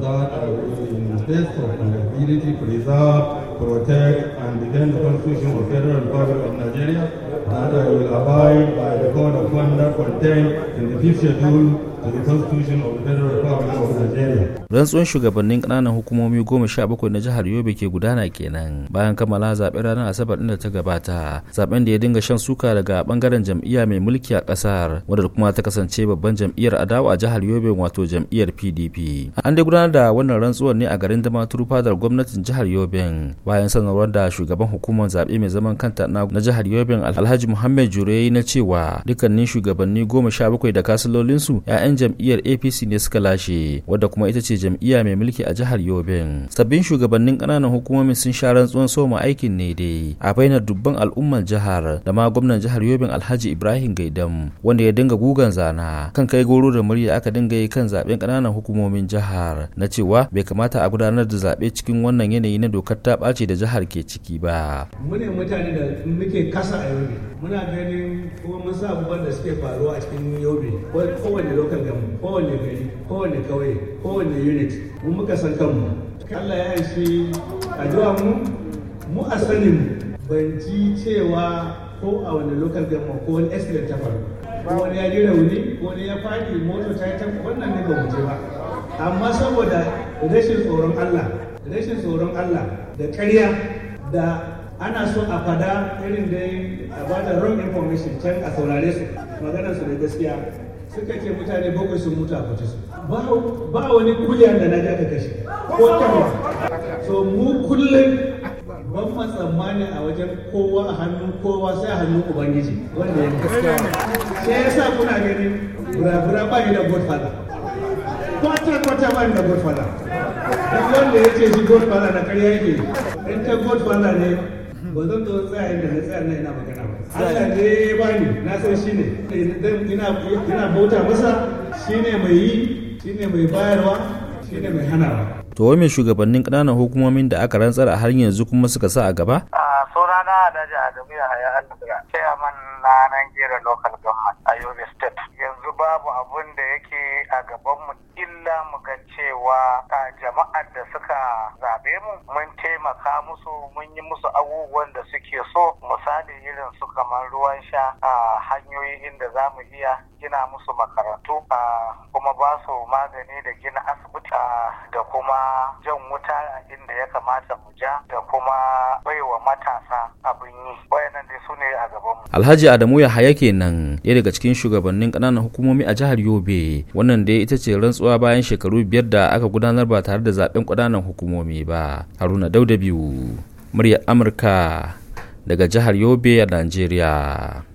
that in the face of liability preserve, protect, and defend the Constitution of the Federal Republic of Nigeria, and I will abide by the code of conduct contained in the fifth schedule Rantsuwar shugabannin ƙananan hukumomi goma sha bakwai na jihar Yobe ke gudana kenan bayan kammala zaɓen ranar Asabar ɗin da ta gabata. Zaɓen da ya dinga shan suka daga ɓangaren jam'iyya mai mulki a ƙasar wadda kuma ta kasance babban jam'iyyar adawa a jihar Yobe wato jam'iyyar PDP. An dai gudanar da wannan rantsuwar ne a garin Damaturu fadar gwamnatin jihar Yobe bayan sanarwar da shugaban hukumar zaɓe mai zaman kanta na jihar Yobe Alhaji Muhammad Jure na cewa dukkanin shugabanni goma sha bakwai da kasalolinsu 'ya'yan 'yan jam'iyyar apc ne suka lashe wadda kuma ita ce jam'iyya mai mulki a jihar yobin sabbin shugabannin ƙananan hukumomi sun sha rantsuwan ma aikin ne dai a bainar dubban al'ummar jihar da ma gwamnan jihar yobin alhaji ibrahim gaidam wanda ya dinga gugan zana kan kai goro da murya aka dinga yi kan zaben ƙananan hukumomin jihar na cewa bai kamata a gudanar da zaɓe cikin wannan yanayi na dokar ta ɓace da jihar ke ciki ba. mu mutane da muke kasa a yobe muna ganin kuma mun abubuwan da suke faruwa a cikin yobe kowane kowane gam kowane gari kowane kawai kowane unit mu muka san kanmu Allah ya shi addu'a mu mu a sanin ban ji cewa ko a wani local government ko wani accident ta faru ko wani ya ji rauni ko wani ya fadi moto ta ta wannan ne ba mu je ba amma saboda rashin tsoron Allah rashin tsoron Allah da ƙarya da ana so a fada irin dai a bada wrong information can a saurare su maganarsu da gaskiya suka ce mutane bakwai sun mutu a kwace su ba wani kuliyar da na ja ta kashe ko tawa so mu kullum ban matsammani a wajen kowa a hannun kowa sai a hannun ubangiji wanda ya gaskiya sai ya sa kuna gani bura-bura ba ni da godfather kwata kwata ba ni da godfather duk wanda ya ce shi godfather na karya yake in ta godfather ne ba zan zo yi da na tsaya na ina magana ba Allah ne ya ni na san shi ne ina bauta masa shi ne mai yi shi ne mai bayarwa to wai mai shugabannin ƙananan hukumomin da aka rantsar a har yanzu kuma suka sa a gaba a sunana da adamu ya haya alfira chairman na Nigeria local government a Yobe state yanzu babu abun da yake a gabanmu illa mu ga cewa jama'ar da suka zabe mu mun taimaka musu mun yi musu abubuwan da suke so misali irin su kamar ruwan sha a hanyoyi hanyoyin da za mu iya gina musu makarantu a kuma ba su magani da gina asibiti da kuma jan wuta inda ya kamata mu ja da kuma baiwa matasa abin yi wayannan dai su ne a gaban mu? Alhaji Adamu ya haya kenan ɗaya daga cikin shugabannin ƙananan hukumomi a jihar Yobe wannan da ita ce rantsuwa bayan shekaru biyar da aka gudanar ba tare da zaben ƙananan hukumomi ba. Haruna Dauda biyu muryar Amurka daga jihar Yobe a Najeriya.